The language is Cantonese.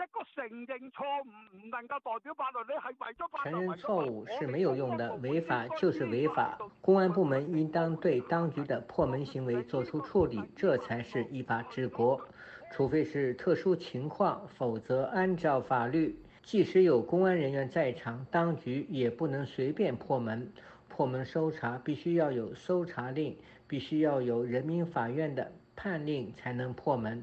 一個承認錯誤唔能夠代表法律，你係為咗承認錯誤是沒有用的，違法就是違法。公安部門應當對當局的破門行為作出處理，這才是依法治國。除非是特殊情況，否則按照法律，即使有公安人員在場，當局也不能隨便破門。破門搜查必須要有搜查令，必須要有人民法院的判令才能破門。